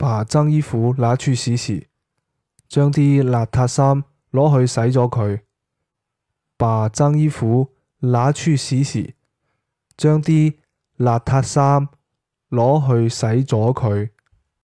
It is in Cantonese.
把髒衣服拿去洗洗，將啲邋遢衫攞去洗咗佢。把髒衣，衣服拿去洗洗，將啲邋遢衫攞去洗咗佢。